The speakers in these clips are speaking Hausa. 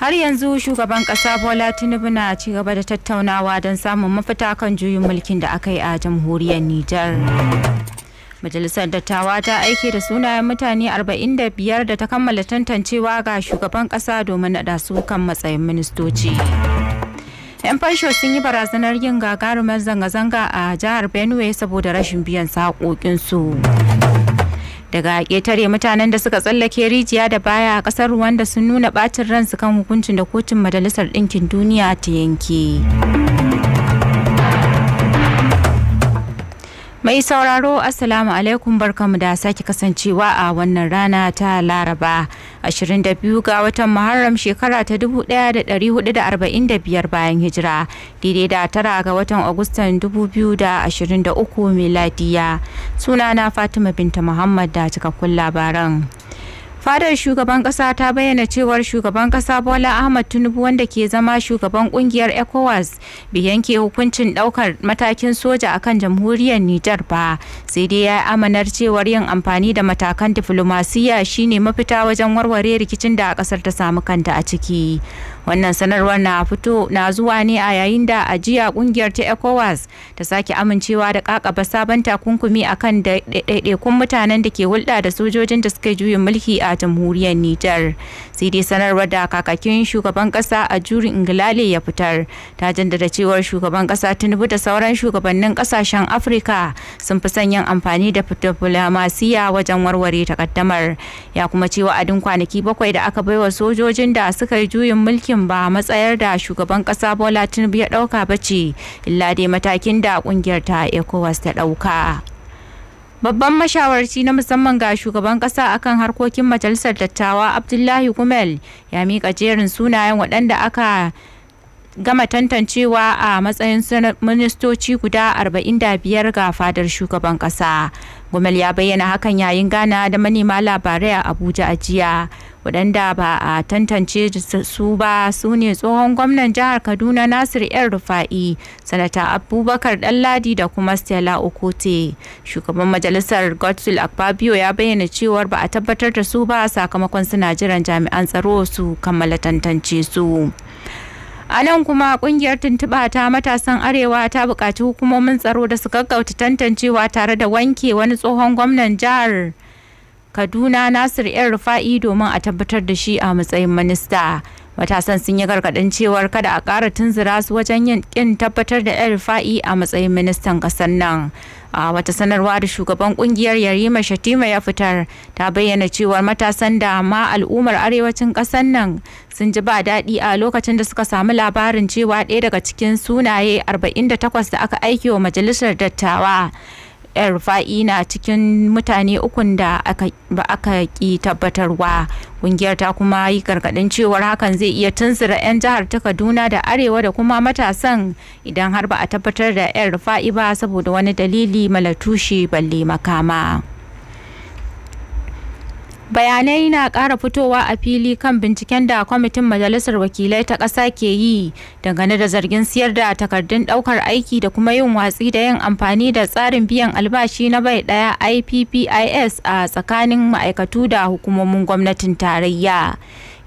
har yanzu shugaban kasa bola tinubu na ci gaba da tattaunawa don samun mafita kan juyin mulkin da aka yi a jamhuriyar nijar majalisar dattawa ta aike da sunayen mutane 45 da ta kammala tantancewa ga shugaban kasa domin naɗa su kan matsayin ministoci yan fansho sun yi barazanar yin gagarumar zanga-zanga a jihar benue saboda rashin biyan saƙoƙinsu daga ƙetare mutanen da suka tsallake rijiya da baya a ƙasar da sun nuna ɓacin ransu kan hukuncin da kotun majalisar ɗinkin duniya ta yanke. Mai sauraro Assalamu alaikum barkamu da sake kasancewa a wannan rana ta Laraba 22 ga watan Muharram shekara ta 1445 bayan hijira daidai da tara ga watan Agustan 2023 miladiya. Sunana Fatima binta Muhammad da cikakkun labaran. fadar shugaban kasa ta bayyana cewar shugaban kasa bola ahmad tinubu wanda ke zama shugaban kungiyar ecowas bai yanke hukuncin daukar matakin soja akan jamhuriyar nijar ba sai dai ya amanar cewar yin amfani da matakan diflomasiyya shine mafita wajen warware rikicin da kasar ta samu kanta a ciki wannan sanarwar na fito na zuwa ne a yayin da ajiya kungiyar ta ecowas ta sake amincewa da kakaba sabon takunkumi a kan daidaikun mutanen da ke hulɗa da sojojin da suka juyin mulki a jamhuriyar nijar sai dai sanarwar da kakakin shugaban kasa a juri ingilale ya fitar ta jaddada cewar shugaban kasa tinubu da sauran shugabannin kasashen afirka sun fi sanyin amfani da diplomasiya wajen warware takaddamar ya kuma cewa a dun kwanaki bakwai da aka baiwa sojojin da suka yi juyin mulki matakin ba matsayar da shugaban kasa Bola Tinubu ya dauka ba ce illa dai matakin da kungiyar ta ECOWAS ta dauka. Babban mashawarci na musamman ga shugaban kasa akan harkokin majalisar dattawa Abdullahi Gumel ya mika jerin sunayen waɗanda aka gama tantancewa a matsayin ministoci guda 45 ga fadar shugaban kasa. Gumel ya bayyana hakan yayin gana da manema labarai a Abuja a jiya. waɗanda ba a tantance su ba su ne tsohon gwamnan jihar kaduna nasir yan rufa'i sanata abubakar ɗanladi da kuma stella okote shugaban majalisar godswill akpabio ya bayyana cewar ba a tabbatar da su ba sakamakon suna jiran jami'an tsaro su kammala tantance su a nan kuma kungiyar tuntuɓa ta matasan arewa ta buƙaci hukumomin tsaro da su gaggauta tantancewa tare da wanke wani tsohon gwamnan jihar kaduna nasir yan rufa'i domin a tabbatar da shi a matsayin minista matasan sun yi gargaɗin cewar kada a ƙara tunzura su wajen yin ƙin tabbatar da yan rufa'i a matsayin ministan ƙasar nan a wata sanarwa da shugaban ƙungiyar yarima shatima ya fitar ta bayyana cewar matasan da ma al'ummar arewacin ƙasar nan sun ji ba daɗi a lokacin da suka samu labarin cewa ɗaya daga cikin sunaye 48 da aka aiki wa majalisar dattawa yar rufa'i na cikin mutane ukun da ba aka ki tabbatarwa kungiyar ta kuma yi gargadin cewar hakan zai iya tunzura 'yan jihar ta kaduna da arewa da kuma matasan idan har ba a tabbatar da yar rufa'i ba saboda wani dalili malatushe balle makama. bayanai na ƙara fitowa a fili kan binciken da kwamitin majalisar wakilai ta ƙasa ke yi dangane da zargin siyar da takardun ɗaukar aiki da kuma yin watsi da yin amfani da tsarin biyan albashi na bai ɗaya ippis a tsakanin ma'aikatu da hukumomin gwamnatin tarayya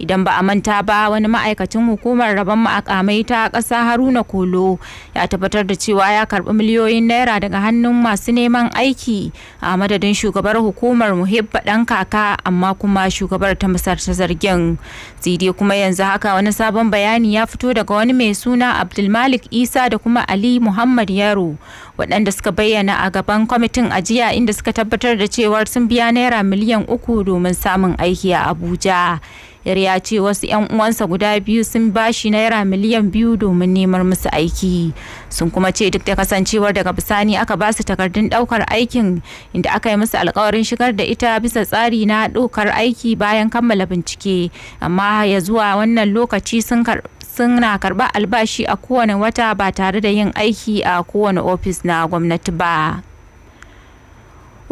idan ba a manta ba wani ma'aikacin hukumar rabon ma'akamai ta ƙasa haruna kolo ya tabbatar da cewa ya karɓi miliyoyin naira daga hannun masu neman aiki a madadin shugabar hukumar muhibba dan kaka amma kuma shugabar ta misar ta zargin zide kuma yanzu haka wani sabon bayani ya fito daga wani mai suna abdulmalik isa da kuma ali muhammad yaro waɗanda suka bayyana a gaban kwamitin ajiya inda suka tabbatar da cewar sun biya naira miliyan uku domin samun aiki a abuja yar ya ce wasu 'yan uwansa guda biyu sun bashi naira miliyan biyu domin neman musu aiki sun kuma ce duk da kasancewar daga bisani aka ba su takardun daukar aikin inda aka yi musu alkawarin shigar da ita bisa tsari na dokar aiki bayan kammala bincike amma ya zuwa wannan lokaci sun suna karɓar albashi a kowane wata ba tare da yin aiki a kowane ofis na gwamnati ba.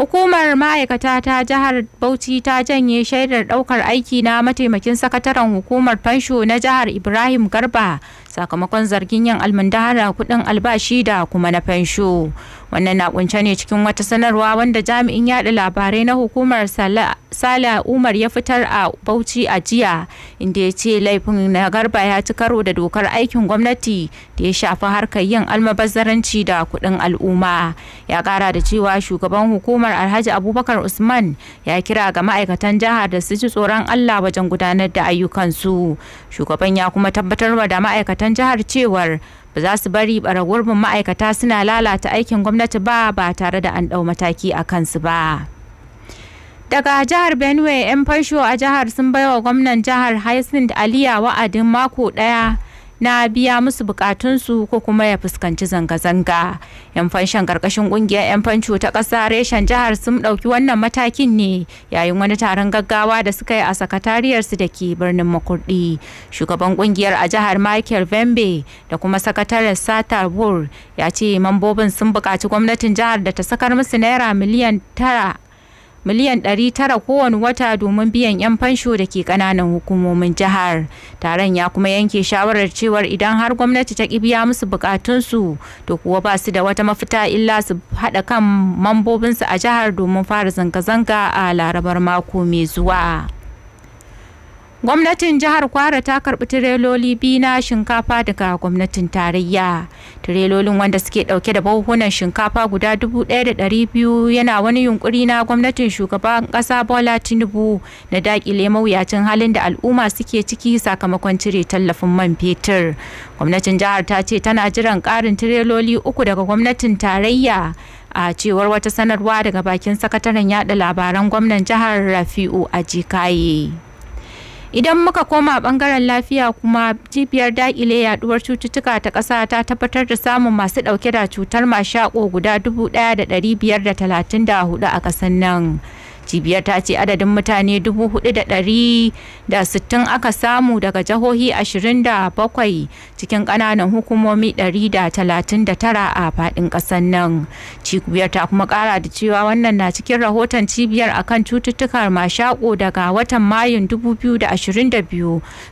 Hukumar ma'aikata ta jihar Bauchi ta janye shaidar daukar aiki na mataimakin sakataren hukumar fansho na jihar Ibrahim Garba sakamakon zargin yin almundahara kudin albashi da kuma na fansho. wannan na kunce ne cikin wata sanarwa wanda jami'in yada labarai na hukumar sala umar ya fitar a bauchi a jiya inda ya ce laifin na garba ya ci karo da dokar aikin gwamnati da ya shafi harkar yin almabazzaranci da kuɗin al'umma ya kara da cewa shugaban hukumar alhaji abubakar usman ya kira ga ma'aikatan jihar da su ji tsoron allah wajen gudanar da ayyukansu shugaban ya kuma tabbatarwa da ma'aikatan jihar cewar ba za su bari bara gurbin ma'aikata suna lalata aikin gwamnati ba ba tare da an ɗau mataki a kansu ba daga jihar benue 'yan fansho a jihar sun baiwa gwamnan jihar hyacinth aliya wa'adin mako ɗaya na biya musu bukatunsu ko kuma ya fuskanci zanga-zanga yan fanshan karkashin kungiyar yan fanco ta ƙasa reshen jihar sun ɗauki wannan matakin ne yayin wani taron gaggawa da suka yi a sakatariyarsu da ke birnin makurdi shugaban kungiyar a jihar michael vembe da kuma sakataren satar ya ce mambobin sun bukaci gwamnatin jihar da ta sakar musu naira miliyan tara miliyan 900 kowane wata domin biyan 'yan fansho da ke kananan hukumomin jihar taron ya kuma yanke shawarar cewar idan har gwamnati ta biya musu bukatunsu to kuwa ba su da wata mafita illa su haɗa kan mambobinsu a jihar domin fara zanga-zanga a larabar mako mai zuwa. gwamnatin jihar kwara ta karbi tireloli biyu na shinkafa daga gwamnatin tarayya tirelolin wanda suke dauke da buhunan shinkafa guda da ɗari biyu yana wani yunkuri na gwamnatin shugaban ƙasa bola tinubu na daƙile mawuyacin halin da al'umma suke ciki sakamakon cire tallafin man fetur gwamnatin jihar ta ce tana jiran ƙarin tireloli uku daga gwamnatin tarayya a cewar wata sanarwa daga bakin sakataren yada labaran gwamnan jihar rafi'u ajikaye. idan muka koma bangaren lafiya kuma cibiyar daƙile yaduwar cututtuka ta ƙasa ta tabbatar da samun masu ɗauke da cutar mashako guda 1534 a ƙasar nan. cibiyar ta ce adadin mutane 4,160 aka samu daga jihohi 27 cikin kananan hukumomi 139 a fadin kasar nan cibiyar ta kuma kara da cewa wannan na cikin rahoton cibiyar akan cututtukan mashaku daga watan mayun 2022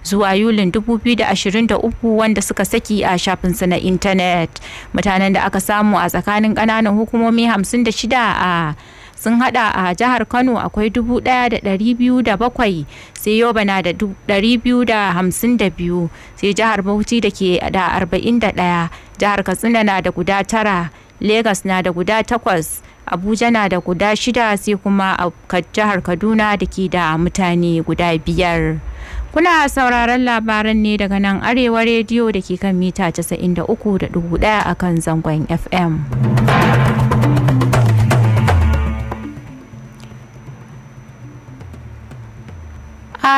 zuwa yulin 2023 wanda suka saki a shafinsa na intanet mutanen da aka samu a tsakanin kananan hukumomi 56 a sun hada a jihar kano akwai 1,207 sai yoba na da 252 sai jihar bauchi da ke da 41 jihar katsina na da guda tara lagos na da guda takwas abuja na da guda shida sai kuma a jihar kaduna da ke da mutane guda biyar kuna sauraron labaran ne daga nan arewa rediyo da ke kan mita 93.1 a kan zangon fm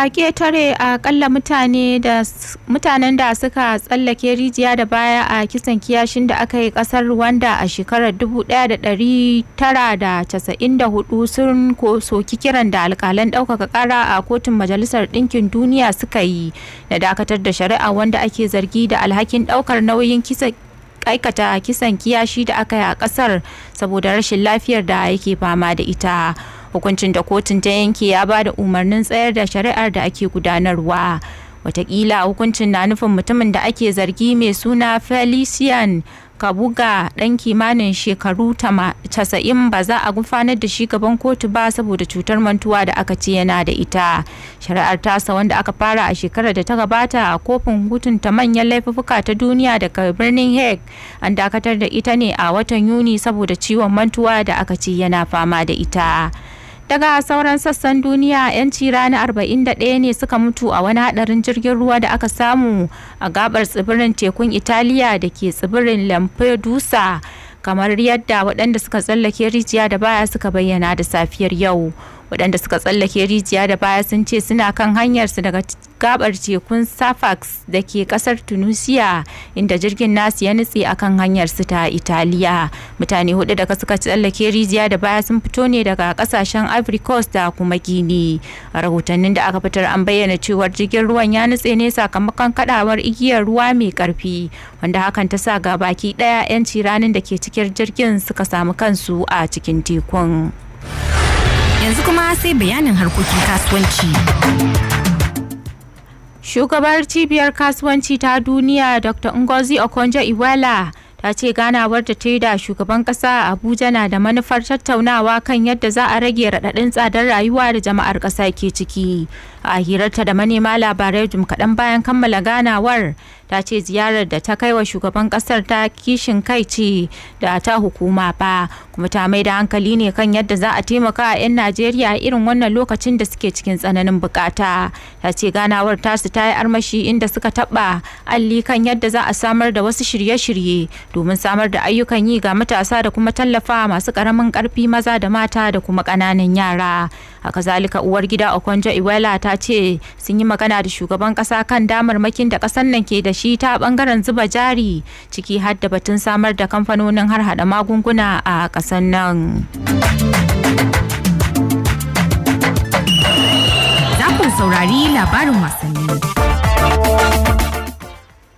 a ketare akalla mutane da mutanen da suka tsallake rijiya da baya a kisan kiyashin da aka yi kasar rwanda a shekarar 1994 sun soki kiran da alkalan ɗaukaka ƙara a kotun majalisar ɗinkin duniya suka yi na dakatar da shari'a wanda ake zargi da alhakin ɗaukar nauyin kisan aikata kisan kiyashi da aka yi a kasar saboda rashin lafiyar da yake fama da ita hukuncin da kotun ta yanke ya ba da umarnin tsayar da shari'ar da ake gudanarwa watakila hukuncin na nufin mutumin da ake zargi mai suna felician kabuga ɗan kimanin shekaru 90 ba za a gufanar da shi gaban kotu ba saboda cutar mantuwa da aka ce yana da ita shari'ar tasa wanda aka fara a shekarar da ta gabata a kofin hutun ta manyan laifuka ta duniya daga birnin hague an dakatar da ita ne a watan yuni saboda ciwon mantuwa da aka ce yana fama da ita daga sauran sassan duniya 'yanci rana 41 ne suka mutu a wani hadarin jirgin ruwa da aka samu a gabar tsibirin tekun italiya da ke tsibirin lampedusa kamar yadda waɗanda suka tsallake rijiya da baya suka bayyana da safiyar yau waɗanda suka tsallake rijiya da baya sun ce suna kan hanyarsu daga gabar tekun safax da ke kasar tunisia inda jirgin nasu ya nutse akan hanyarsu ta italiya mutane hudu daga suka tsallake rijiya da baya sun fito ne daga kasashen ivory coast da kuma gini a rahotannin da aka fitar an bayyana cewar jirgin ruwan ya nutse ne sakamakon kadawar igiyar ruwa mai karfi wanda hakan ta sa ga baki daya 'yanci ranin da ke cikin jirgin suka samu kansu a cikin tekun. Yanzu kuma sai bayanin harkokin kasuwanci. Shugabar cibiyar kasuwanci ta duniya Dr. Ngozi Okonjo-Iweala ta ce ganawar da ta yi da shugaban kasa Abuja na da manufar tattaunawa kan yadda za a rage raɗaɗin tsadar rayuwa da jama'ar ƙasa ke ciki. a hirarta da manema labarai jim kaɗan bayan kammala ganawar ta ce ziyarar da ta kai wa shugaban ƙasar ta kishin kai ce da ta hukuma ba kuma ta mai da hankali ne kan yadda za a taimaka a 'yan najeriya irin wannan lokacin da suke cikin tsananin bukata ta ce ganawar ta tasu ta yi armashi inda suka taɓa alli kan yadda za a samar da wasu shirye-shirye domin samar da ayyukan yi ga matasa da kuma tallafa masu ƙaramin ƙarfi maza da mata da kuma ƙananan yara a kazalika uwar gida okonjo iwela ta ta ce sun yi magana da shugaban kasa kan damarmakin da kasan nan ke da shi ta bangaren zuba jari ciki har da batun samar da kamfanonin har hada magunguna a kasan nan. Za saurari labarin wasanni.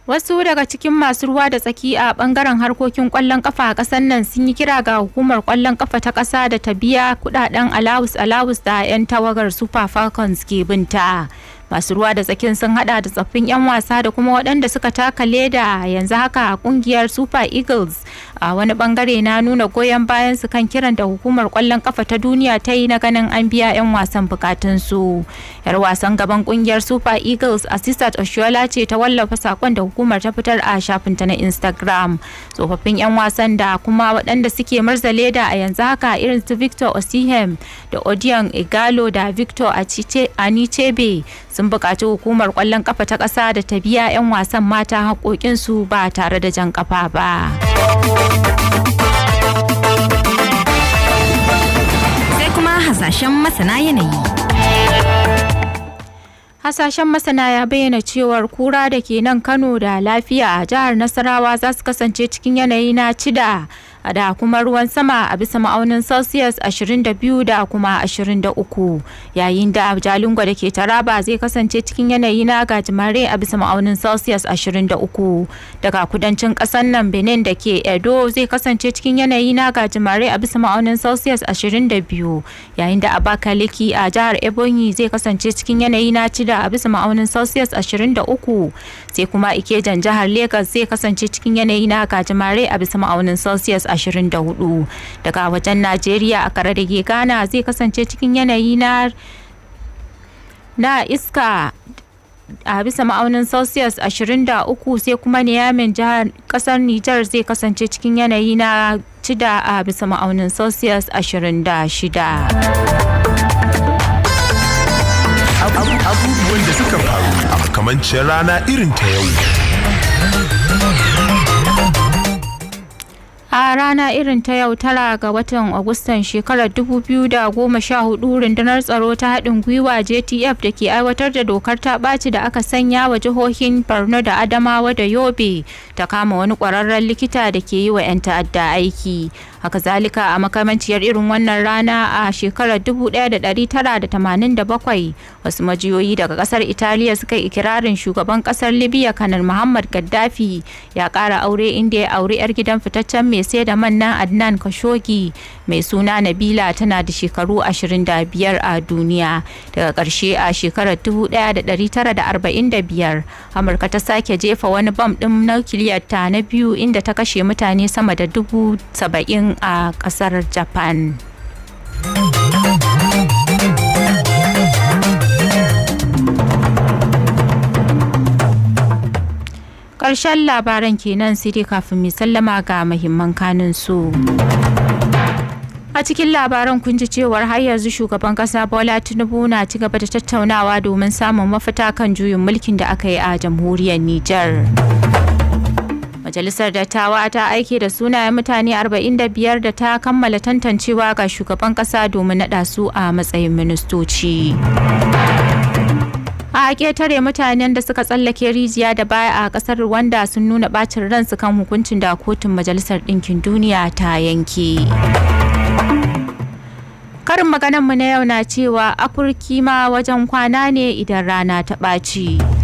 Wasu daga cikin masu ruwa da tsaki a bangaren harkokin kwallon kafa a ƙasar nan sun yi kira ga hukumar kwallon kafa ta ƙasa da ta biya kudaden alawus alawus da 'yan tawagar Super Falcons ke binta. masu ruwa da tsakin sun hada da tsoffin 'yan wasa da kuma waɗanda suka taka leda yanzu haka a kungiyar super eagles a wani bangare na nuna goyon bayan su kan kiran da hukumar kwallon kafa ta duniya ta yi na ganin an biya 'yan wasan bukatun su yar wasan gaban kungiyar super eagles assistant oshola ce ta wallafa sakon da hukumar ta fitar a shafin ta na instagram tsofaffin 'yan wasan da kuma waɗanda suke marza leda a yanzu haka irin su victor osihem da odion igalo da victor anichebe sun buƙaci hukumar ƙwallon ƙafa ta ƙasa da ta biya 'yan wasan mata haƙoƙinsu ba tare da jan ƙafa ba. Sai kuma hasashen masana yanayi. hasashen masana ya bayyana cewar kura da ke nan kano da lafiya a jihar nasarawa za su kasance cikin yanayi na cida da kuma ruwan sama a bisa ma'aunin celsius 22 da kuma 23 yayin da jalingo da ke taraba zai kasance cikin yanayi na gajimare a bisa ma'aunin celsius 23 daga kudancin kasar nan benin da ke edo zai kasance cikin yanayi na gajimare a bisa ma'aunin celsius 22 yayin da abakaliki a jihar ebonyi zai kasance cikin yanayi na cida a bisa ma'aunin celsius 23 sai kuma ikejan jihar lagos zai kasance cikin yanayi na gajimare a bisa ma'aunin celsius 24 daga wajen najeriya a kare da gana ghana zai kasance cikin yanayi na na iska a bisa ma'aunin celsius 23 sai kuma niyamin jihar kasar niger zai kasance cikin yanayi na cida a bisa ma'aunin celsius 26 abubuwan da suka faru a makamancin rana irin ta yau a rana irin ta yau tara ga watan agustan shekarar 2014 rundunar tsaro ta haɗin gwiwa jtf da ke aiwatar da dokar ta ɓaci da aka sanya wa jihohin borno da adamawa da yobe ta kama wani ƙwararren likita da ke yi wa 'yan ta'adda aiki haka zalika a makamanciyar irin wannan rana a shekarar 1987 wasu majiyoyi daga kasar italiya suka ikirarin shugaban kasar libya kanar muhammad gaddafi ya kara aure inda ya auri yar gidan fitaccen mai sai da man adnan kashogi mai suna nabila tana da shekaru 25 a duniya daga karshe a shekarar 1945 amurka ta sake jefa wani bam din nukiliyar ta na biyu inda ta kashe mutane sama da dubu saba'in a kasar japan ƙarshen labaran kenan sai dai kafin mai sallama ga muhimman kanin su. a cikin labaran kun ji cewar har yanzu shugaban kasa bola tinubu na ci gaba da tattaunawa domin samun mafita kan juyin mulkin da aka yi a jamhuriyar nijar. Majalisar Dattawa ta aike da sunayen mutane 45 da ta kammala tantancewa ga shugaban kasa domin naɗa su a matsayin ministoci. a ketare mutanen da suka tsallake rijiya da baya a kasar rwanda sun nuna bacin ransu kan hukuncin da kotun majalisar ɗinkin duniya ta yanke karin maganarmu na yau na cewa afirki ma wajen kwana ne idan rana ta ɓaci.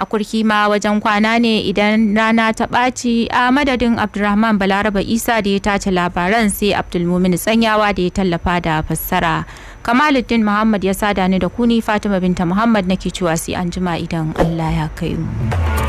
a kurki ma wajen kwana ne idan rana ta ɓaci a madadin abdulrahman balaraba isa da ya tace labaran sai abdulmumin tsanyawa da ya tallafa da fassara kamaluddin muhammad ya sada ni da kuni fatima binta muhammad nake cewa sai an jima idan allah ya kai mu